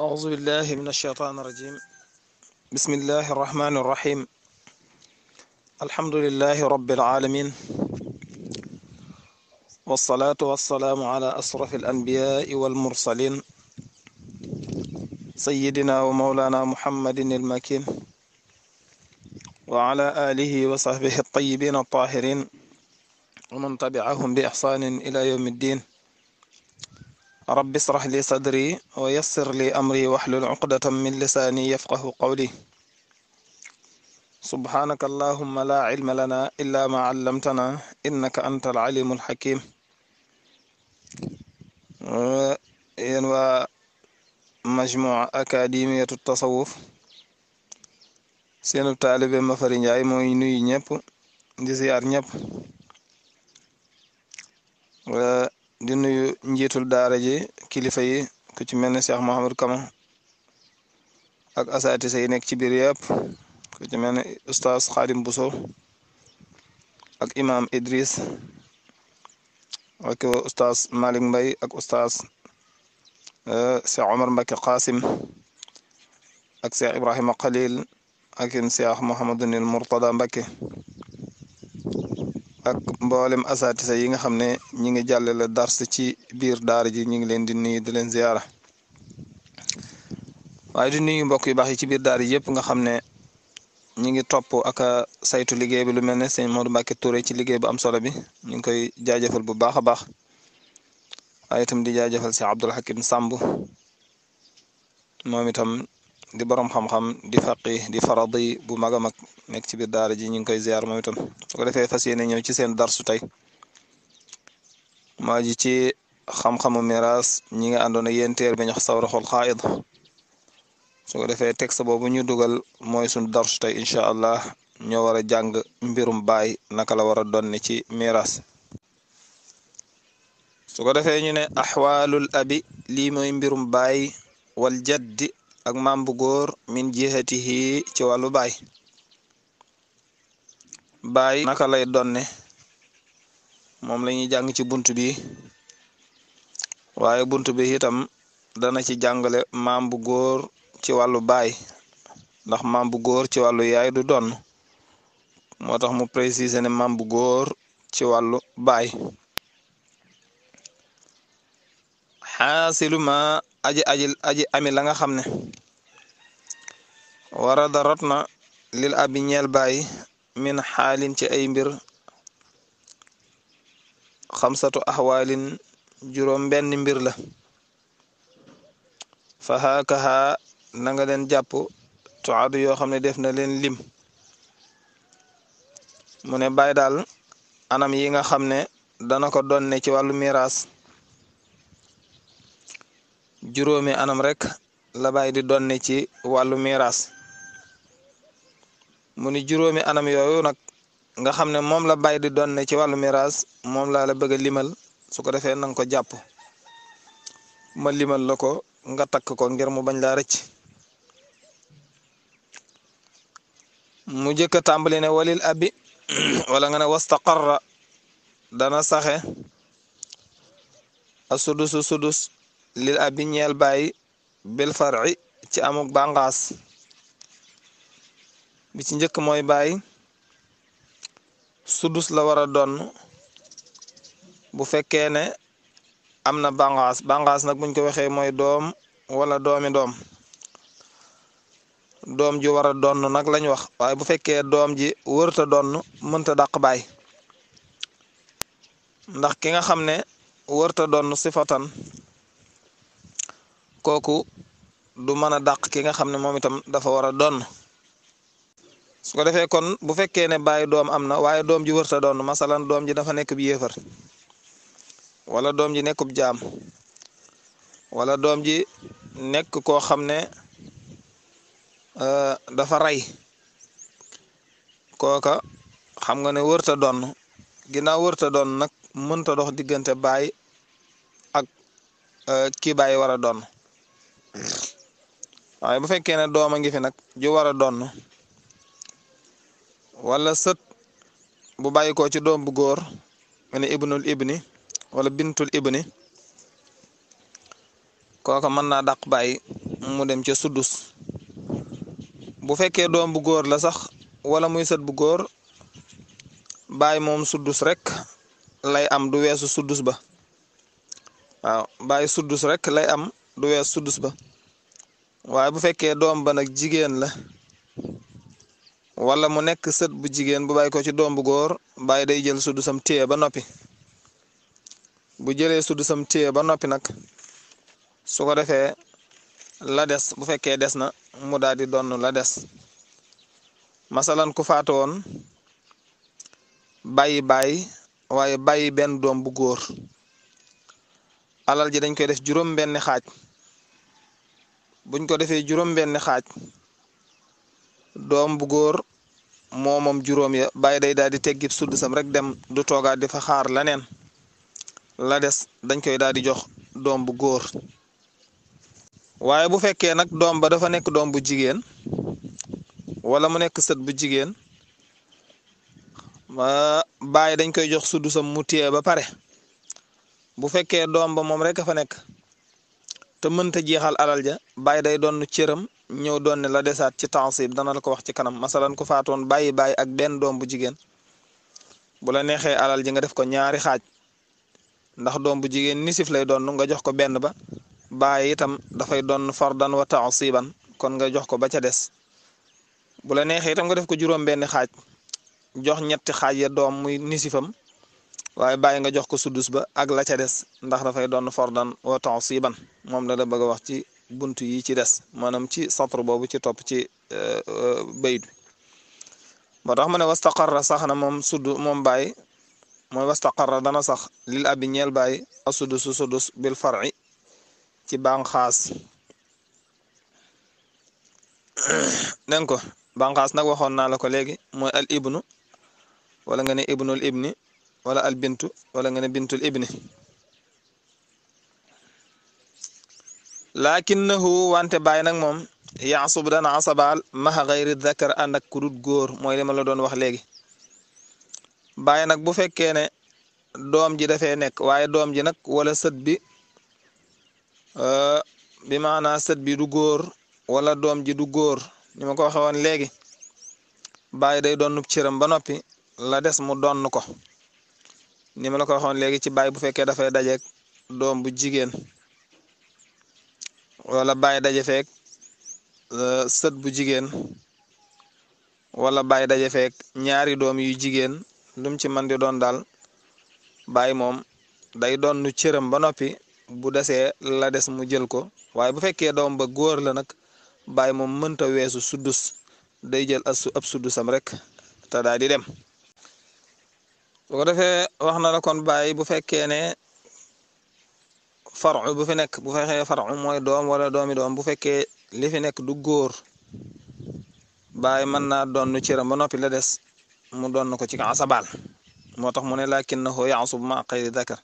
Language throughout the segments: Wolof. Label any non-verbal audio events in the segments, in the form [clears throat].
أعوذ بالله من الشيطان الرجيم بسم الله الرحمن الرحيم الحمد لله رب العالمين والصلاة والسلام على أشرف الأنبياء والمرسلين سيدنا ومولانا محمد المكين وعلى آله وصحبه الطيبين الطاهرين ومن تبعهم بإحسان إلى يوم الدين رب اشرح لي صدري ويسر لي أمري واحلل عقدة من لساني يفقه قولي سبحانك اللهم لا علم لنا إلا ما علمتنا إنك أنت العليم الحكيم ينوى مجموعة أكاديمية التصوف seenub taalibe Mafary Ndiaye mooy nuyu نيب دي زيار نيب di nuyu njiitul daara ji kilifa yi ku ci mel ne Cheikh Kama ak asaatisa yi nekk ci biir yëpp ci mel ne oustaz Khadim Bousso ak imam Idris ak oustaz Malick Mbaye ak oustaz euh, Cheikh Omar Mbacke Qasim ak Cheikh Ibrahima Khalil ak Cheikh Mouhamadou Nil Mourtada Mbacke ak mboolem asatisa yi nga xam ne ñi ngi jàllale dars ci biir daar ji ñu ngi leen di nuyu di leen ziyaara waaye di nuyu mbokk yi baax yi ci biir daar ji yëpp nga xam ne ñi ngi topp ak saytu liggéey bi lu mel ne sëñ Modou Mbacké ci liggéey bu am solo bi ñu ngi koy jaajëfal bu baax a baax waaye itam di jaajëfal si Abdoul Hakim Samb moom itam di borom xam-xam di faqi di faradi bu mag a mag nekk ci biir daara ji ñu ngi koy ziar moom itam su ko defee fas yéene ñëw ci seen darsu tey ji ci xam-xamu ñi nga àndoon ak yéen teer bi ñu defee texte boobu ñu dugal mooy suñ darsu tey incha allah ñoo war a jàng mbirum baay naka la war a donne ci miraas su ko defee ñu ne axwaalul abi lii mooy baay wal jaddi ak maam bu góor min jihatihi ci wàllu baay baay naka lay donne moom la ñuy jàng ci bunt bi waaye bunt bi itam dana ci jàngale maam bu góor ci wàllu baay ndax maam bu góor ci wàllu yaay du donn moo tax mu préciser ne maam bu góor ci wàllu baay xaasilu aji aji aji ami la nga xam ne warada rot na lil abi ñeel bàyyi min xaalin ci ay mbir xamsatu axwaalin juróom benn mbir la fa xaakaxa na nga leen jàpp tuadu yoo xam ne def na leen lim mu ne daal anam yi nga xam ne dana ko doon ne ci wàllu miraas juróomi anam rek la baay di donne ci wàllu miiras mu ni juróomi anam yooyu nag nga xam ne moom la baay di donne ci wàllu miraas moom laa la bëgg a limal su ko defee nanga ko jàpp ma limal la ko nga takk ko ngir mu bañ laa rëcc mu jëkk a tàmbali ne walil abi [clears throat] wala nga ne wastaqarra dana saxe a sudus sudus lil abi ñeel bàyyi bil ci amuk bànqaas bi ci njëkk mooy baay sudus la war a doon bu fekkee ne am na bànqaas bànqaas nag buñ ko waxee mooy doom wala doomi doom doom ji war a doon nag lañ wax waaye bu fekkee doom ji wërta doon mënta daq baay ndax ki nga xam ne wërta doon sifatan kooku du mën a dàq ki nga xam ne moom itam dafa war a doon su ko defee kon bu fekkee ne bàyyi doom am na waaye doom ji wërta doon masalan doom ji dafa nekk bi yéefar doom ji nekkub jaam wala doom ji nekk koo xam ne euh, dafa rey kooka xam nga ne wërta doon ginnaaw wërta doon nag mënta dox diggante baay ak euh, kii baay war a doon waaye bu fekkee ne doom a ngi fi nag ju war a donn wala sët bu bàyyi ci doom bu góor nga ne ibnul ibni wala bintul ibni kooka mën naa dàq bàyyi mu dem ci suddus bu fekkee doom bu góor la sax wala muy sët bu góor bàyyi moom suddus rek lay am du weesu sudus ba waaw bàyyi suddus rek lay am du wees sudus ba waaye bu fekkee doom ba nag jigéen la wala mu nekk sët bu jigéen bu bàyyi ko ci doom bu góor bàyyi day jël sudusam téye ba noppi bu jëlee sudusam téye ba noppi nag su ko defee la des bu fekkee des na mu daal di donn la des masalan ku faatu woon bàyyi bàyyi waaye bàyyi benn doom bu góor alal ji dañ koy def juróom benn xaaj buñ ko defee juróom benn xaaj doom bu góor moo juróom ya bàyyi day daal di teggib sam rek dem du toogaat di fa xaar leneen la des dañ koy daal di jox doom bu góor waaye bu fekkee nag doom ba dafa nekk doom bu jigéen wala mu nekk sët bu jigéen bàyyi dañ koy jox sam mu téye ba pare bu fekkee doom ba moom rek fa nekk te mënta jeexal alal ja baay day doon cëram ñëw doon ne la desaat ci tansib dana la ko wax ci kanam masalan ko faatoon bàyyi bàyyi ak benn doom bu jigéen bu la neexee alal ji nga def ko ñaari xaaj ndax doom bu jigéen nisif lay doon nga jox ko benn ba bàyyi itam dafay doon fardan wa tansiban kon nga jox ko ba ca des bu la neexee itam nga def ko juróom benn xaaj jox ñetti xaaj ya doom muy nisifam waaye bàyyi nga jox ko sudus ba ak la ca des ndax dafay doon fordan wa tansiban moom la da bëgg a wax ci bunt yi ci des maanaam ci satr boobu ci topp ci euh, euh, bayit bi moo tax ma ne wastaqarra sax na moom sudd moom baay mooy wastaqarra dana sax lil abi ñeel bàyyi asudusu sudus bil far'i ci banqaas [coughs] dégg ko banqaas nag waxoon naa la ko léegi mooy al ibnu wala nga ne ibnul ibni wala al wala nga ne bintul ibni lakinnahu wante baay nag moom yaasub dana asabaal maxa xayri dakar ànd ak kudut góor mooy li la doon wax léegi baay nag bu fekkee ne doom ji dafee nekk waaye doom ji nag wala sët bi euh, bi maanaa sët bi du góor wala doom ji du góor ni ma ko waxee woon léegi baay day doon cëram ba noppi la des mu doon ko ni ma la ko waxoon léegi ci baay bu fekkee dafay dajeeg doom bu jigéen wala baay daje feek euh, sët bu jigéen wala baay daje feek ñaari doom yu jigéen lum ci man di doon daal baay moom day doon nu cëram ba noppi bu desee la des mu jël ko waaye bu fekkee doom ba góor la nag baay moom mënta weesu suddus day jël as ab suddusam rekk te daal di dem bu ko defee wax na la kon bàyyi bu fekkee ne faru bu fi nekk bu fekkee faru mooy doom wala doomi doom bu fekkee li fi nekk du góor bàyyi mën naa donn ciram ba noppi la des mu donn ko ci asabal moo tax mu ne lakinnahu yaasub ma xayri dakar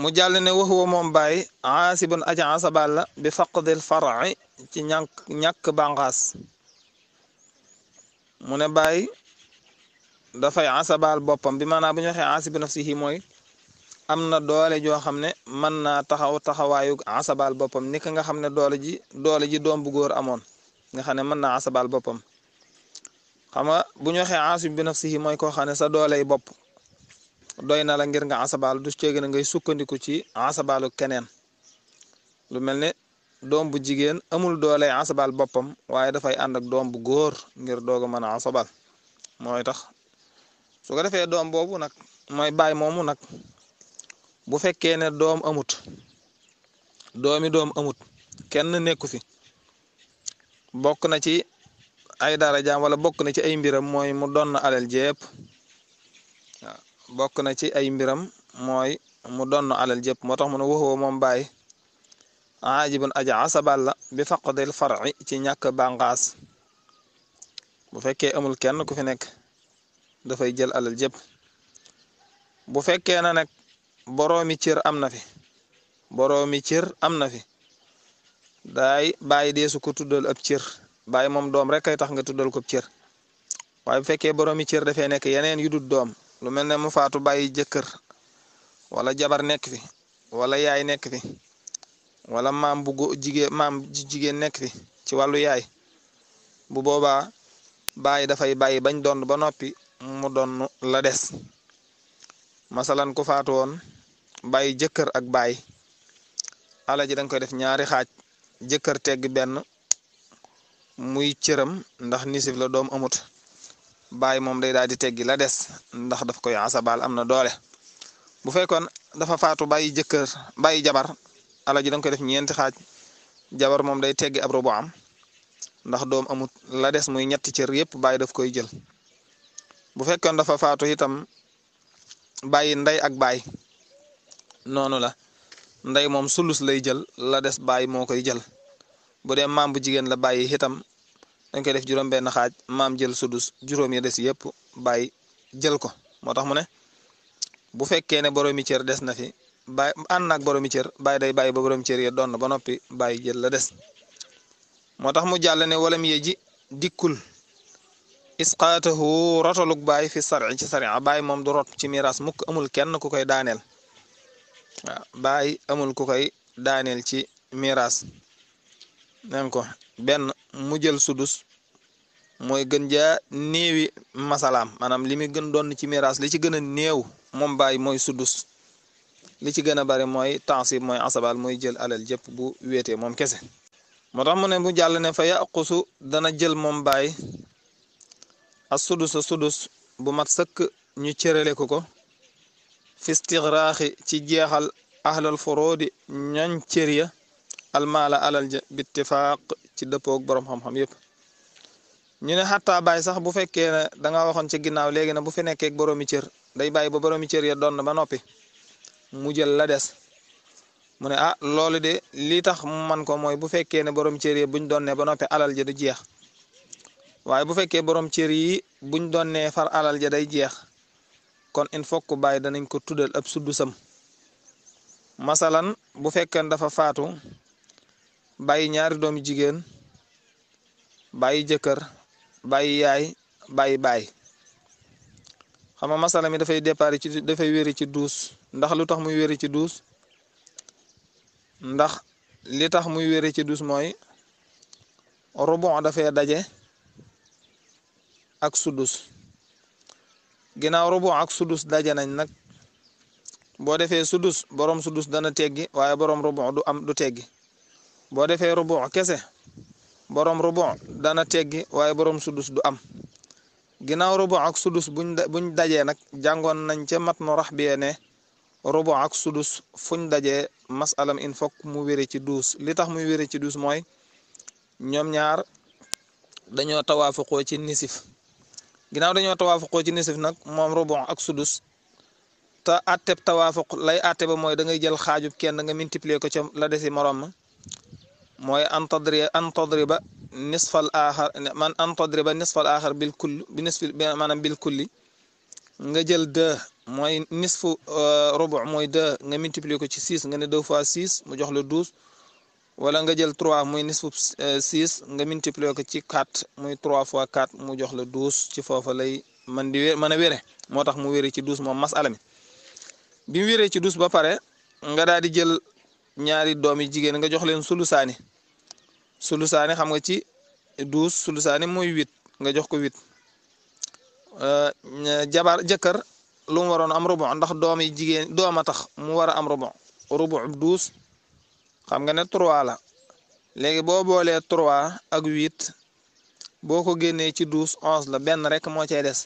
mu jàll ne wa huwa moom bàyyi aasibun aja asabal la bi faqdil farci ci ñàkk ñàkk bànqaas mu ne bàyyi dafay asabaal boppam bi maanaam bu ñu waxee si nafsihi mooy am na doole joo xam ne mën naa taxaw taxawaayu asabaal boppam ni nga xam ne doole ji doole ji doom bu góor amoon nga xam ne mën naa asabaal boppam xam nga bu ñu waxee asib bi nafsihi mooy koo xam ne sa dooley bopp doy na la ngir nga asabaal du ceegin ngay sukkandiku ci asabaalu keneen lu mel ne doom bu jigéen amul doole asabaal boppam waaye dafay ànd ak doom bu góor ngir doog a mën a asabaal mooy tax su ko defee doom boobu nag mooy baay moomu nag bu fekkee ne doom amut doomi doom amut kenn nekku fi bokk na ci ay darajaam wala bokk na ci ay mbiram mooy mu doon na alal jépp bokk na ci ay mbiram mooy mu doon na alal jépp moo tax mu ne waxoo moom baay aajibun aja asabal la bi del far'i ci ñàkk bànqaas bu fekkee amul kenn ku fi nekk. fay jël alal jëpp bu fekkee na nag boroomi cër am na fi boroomi cër am na fi daay bàyyi deesu ko tuddal ab cër bàyyi moom doom rek kay tax nga tuddal ko cër waaye bu fekkee boroomi cër dafay nekk yeneen yu dul doom lu mel ne mu faatu bàyyi jëkkër wala jabar nekk fi wala yaay nekk fi wala maam bu jige maam jigéen nekk fi ci wàllu yaay bu boobaa bàyyi dafay bàyyi bañ doon ba noppi mu doon la des masalan ku faatu woon bàyyi jëkkër ak baay ala ji dañ koy def ñaari xaaj jëkkër tegg benn muy cëram ndax nisif la doom amut baay moom day daal di teggi la des ndax daf koy asabal am na doole bu fekkoon dafa faatu bàyyi jëkkër bàyyi jabar ala ji dañ koy def ñeenti xaaj jabar moom day teggi ab rubu am ndax doom amut la des muy ñetti cër yépp baay daf koy jël bu fekkoon dafa faatu itam bàyyi ndey ak baay noonu la ndey moom sulus lay jël la des bàyyi moo koy jël bu dee maam bu jigéen la bàyyi itam dañ koy def juróom-benn xaaj maam jël sudus juróom ya des yëpp bàyyi jël ko moo tax mu ne bu fekkee ne boroomi cër des na fi bàyyi ànd naag boroomi cër bàyyi day bàyyi ba boroomi cër ya doon na ba noppi bàyyi jël la des moo tax mu jàll ne walam ye dikkul isqaatahu rotaluk baay fi sarci ci sariya baay moom du rot ci miiras mukk amul kenn ku koy daaneel waaw baay amul ku koy daaneel ci miiras nen ko benn mu jël sudus mooy gën ja néewi masalaam maanaam li muy gën doon ci miiras li ci gën a néew moom baay mooy sudus li ci gën a bari mooy tansib mooy asabal mooy jël alal jëpp bu wéetee moom kese moo tax mu jàll ne fa yaqusu dana jël moom baay as sudus sudus bu mat sëkk ñu cërale ko ko fi istigraaxi ci jeexal ahlal foroodi ñoñ cër ya almaala alal ja bittifaaq ci dëppoog borom xam-xam yépp ñu ne xattaa baay sax bu fekkee ne danga waxoon ci ginnaaw léegi na bu fi nekkee boroomi cër day bàyyi ba boroomi ya doon na ba noppi mu jël la des mu ne ah loolu de lii tax man ko mooy bu fekkee ne borom cër ya buñ doon ne ba noppi alal ja du jeex. waaye bu fekkee boroom cër yi buñ doon nee far alal ja day jeex kon in fokk bàyyi danañ ko tuddal ab suddusam masalan bu fekkeen dafa faatu bàyyi ñaari doomi jigéen bàyyi jëkkër bàyyi yaay bàyyi baay xam nga masala mi dafay départ ci dafay wéri ci duus ndax lu tax muy wéri ci duus ndax li tax muy wéri ci duus mooy rubon dafay daje ak sudus ginnaaw rubu ak sudus daje nañ nak bo sudus borom sudus dana teggi waye borom rubu du am du teggi bo defee rubu borom rubu dana teggi waye borom sudus du am ginnaaw rubu ak sudus buñ buñ dajé nak jangon nañ ci matnu nu rubu ak sudus fuñ dajé masalam in fok mu wéré ci dus li tax mu wéré ci dus moy ñom ñaar dañoo tawafuqo ci nisif ginaaw dañu tawaafaqoo ci nisf nak mom rubu' ak sudus ta atep tawaafaq lay atte moy da ngay jël xaajub kenn nga multiplier ko ci la desi morom moy antadri antadriba نصف الاخر من ان تضرب النصف الاخر بالكل بنصف بمعنى بالكل nga jël 2 moy nisfu rubu moy 2 nga multiplier ko ci 6 nga ne 2 fois 6 mu jox la 12 wala nga jël 3 muy nisbu 6 eh, nga multiplier ko ci 4 muy 3 fois 4 mu jox la 12 ci foofa lay man di wé mën a wére mu wéré ci 12 mom masalam bi mu wéree ci 12 ba paré nga daal di jël ñaari doomi jigen nga jox len sulusani sulusani xam nga ci 12 sulusani moy 8 nga jox ko 8 euh jabar jëkkër lu mu waron am rubu ndax doomi jigen dooma tax mu wara am rubu rubu 12 xam nga ne trois la léegi boo boolee trois ak huit boo ko génnee ci douze onze la benn rek moo cay des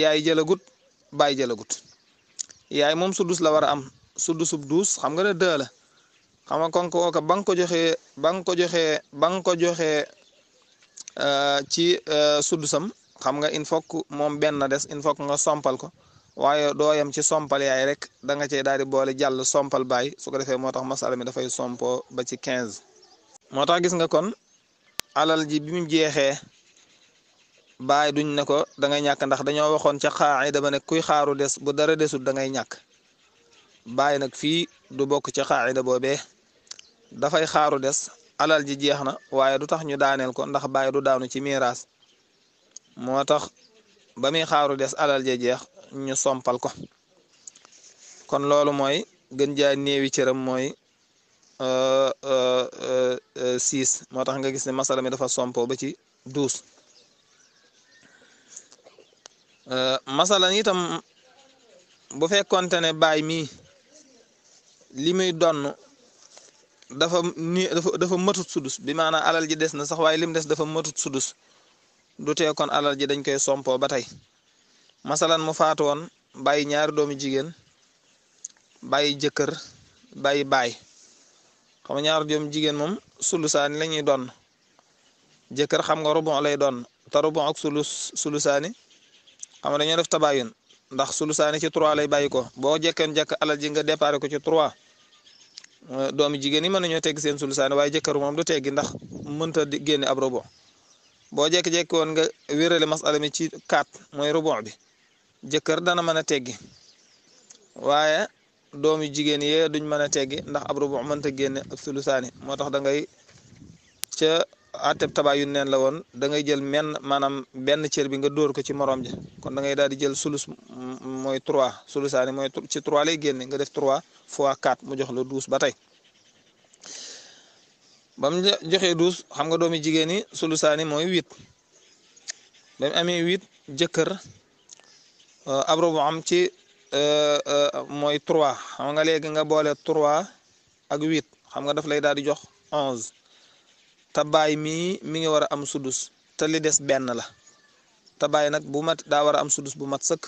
yaay jëlagut bay jëlagut yaay moom sudus la war a am sudusub douze xam nga ne deux la xam nga kon kooka ba nga ko joxe ba nga ko joxee ba nga ko joxee euh, ci euh, sudusam xam nga il faut moom benn des il faut nga sompal ko. waaye doo dooyam ci sompal yaay rek da nga cey daal di boole jàll sompal baay su ko defee moo tax masala mi dafay sompoo ba ci quinze moo tax gis nga kon alal ji bi mu jeexee baay duñ ne ko da ngay ñàkk ndax dañoo waxoon ca xaacida ba ne kuy xaaru des bu dara desul da ngay ñàkk baay nag fii du bokk ca xaacida boobee dafay xaaru des alal ji jeex na waaye du tax ñu daaneel ko ndax baay du daanu ci miiraas moo tax ba muy xaaru des alal ja jeex ñu sompal ko kon loolu mooy gën jaa néewi cëram mooy euh, euh, euh, six moo tax nga gis ne masala mi dafa sompo ba ci douze masala itam bu fekkonte ne baay mii li muy donn dafa ni dafa dafa matut sudus bi maanaam alal ji des na sax waaye lim des dafa matut sudus du kon alal ji dañ koy sompo ba tey masalan mu faatu won bàyyi ñaari doomi jigen bay jëkkër bàyyi bay xam nga ñaari doomi jigen mom sulusaani lañuy don doon xam nga rubu lay don ak sulus sulusani. xam nga dañoo def tabayun ndax sulusaani ci 3 lay bàyyi ko boo jëkkeen jëkk alal ji nga déparé ko ci 3 euh, doomi jigen yi mën nañoo tegg seen sulusaani waaye jëkkër mom du teggi ndax mënta génne ab rubu bo jek jek woon nga wirale masala mi ci 4 moy rubu bi jëkkër dana mën a teggi waaye doomi jigéen yee duñ mën a teggi ndax ab rubu mënta génne ak sulusaani moo tax da ngay ca àtteb tabaa yu neen la woon da ngay jël menn maanaam benn cër bi nga dóor ko ci moroom ja kon da ngay daal di jël sulus mooy trois sulusaani mooy ci trois lay génne nga def trois fois quatre mu jox la douze ba tey ba joxe joxee xam nga doomi jigéen yi sulusaani mooy huit ba mu amee huit jëkkër ab rubu am ci euh, euh, mooy trois xam nga léegi nga boole trois ak huit xam nga daf lay daal di jox onze te baay mi mi ngi war a am sudus te li des benn la te baay nag bu mat daa war a am sudus bu mat sëkk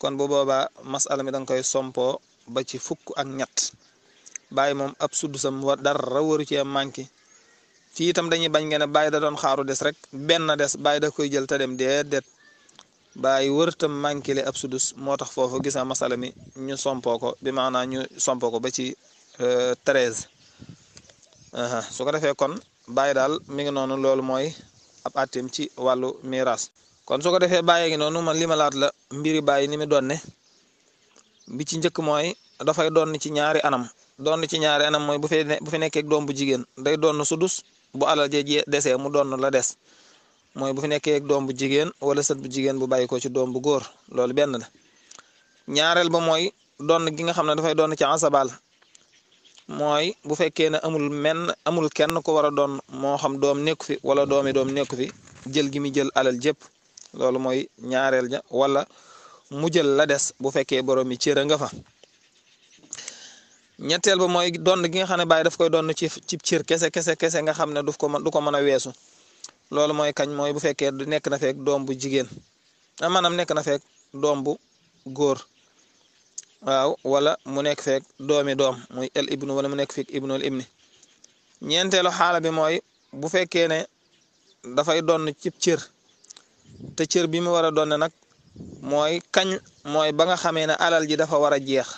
kon bu boobaa masala mi da nga koy sompoo ba ci fukk ak ñett baay moom ab sudusam wa dara waru cee manqué fii itam dañuy bañ ngeen ne baay da doon xaaru des rek benn des baay da koy jël ta dem déedéet bàyyi wërtam mankile absudus moo tax foofu gis na masala mi ñu sompoo ko bi maanaa ñu sompoo ko ba ci euh, treize su ko defee kon bàyyi daal mi ngi noonu loolu mooy ab attim ci wàllu miras kon su ko defee bàyyi gi noonu man li ma laat la mbiri bàyyi ni mi donne bi ci njëkk mooy dafay donn ci ñaari anam donn ci ñaari anam mooy bu fi ne bu fi nekkeeg doom bu jigéen day donn su dus bu alal jee desee mu donn la des mooy bu fi nekkee doom bu jigéen wala sët bu jigéen bu bàyyi ko ci doom bu góor loolu benn la ñaareel ba mooy doon gi nga xam ne dafay doon ci asabal mooy bu fekkee ne amul men amul kenn ko war a doon moo xam doom nekku fi wala doomi doom nekku fi jël gi mi jël alal jëpp loolu mooy ñaareel ja wala mu jël la des bu fekkee borom yi cër nga fa ñetteel ba mooy doon gi nga xam ne bàyyi daf koy doon ci ci cër kese kese kese nga xam ne du ko du ko mën a weesu loolu mooy kañ mooy bu fekkee nekk na feek doom bu jigéen ah, maanaam nekk na feek doom bu góor waaw wala mu nekk feek doomi doom muy el ibnu wala mu nekk feek ibnul ibni ñeenteelu xaala bi mooy bu fekkee ne dafay donn ci cër te cër bi mu war a donn nag mooy kañ mooy ba nga xamee ne alal ji dafa war a jeex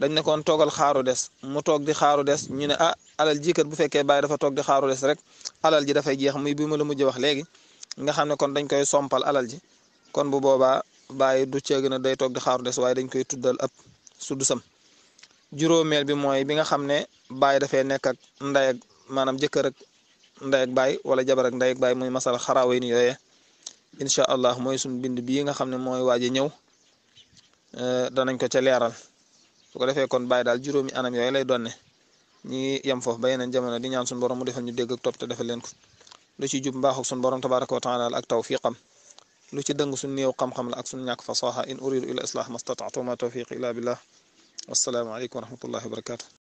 dañ nekkoon toogal xaaru des mu toog di xaaru des ñu ne ah alal ji kat bu fekkee bàyyi dafa toog di xaaru des rek alal ji dafay jeex muy bi ma la mujj wax léegi nga xam ne kon dañ koy sompal alal ji kon bu boobaa bàyyi du ceeg na day toog di xaaru des waaye dañ koy tuddal ab sam juróomeel bi mooy bi nga xam ne bàyyi dafay nekk ak nday ak maanaam jëkkër ak nday ak baay wala jabar ak nday ak baay muy masal xaraawa yi ni yooyee insha allah mooy suñ bind bii nga xam ne mooy waaj a ñëw danañ ko ca leeral su ko defee kon bàyyi daal juróomi anam yooyu lay doon ne ñi yem foofu ba yeneen di ñaan suñu borom mu defal ñu dégg ak topp te defal leen ko lu ci jub mbaaxu suñu borom tabaraka wa taala ak tawfiqam lu ci dëng suñu néew xam-xam la ak suñu ñàkk fasaha in uridu ila islah mastata'tu ma tawfiqi illa billah wassalaamu aleykum wa rahmatullahi wa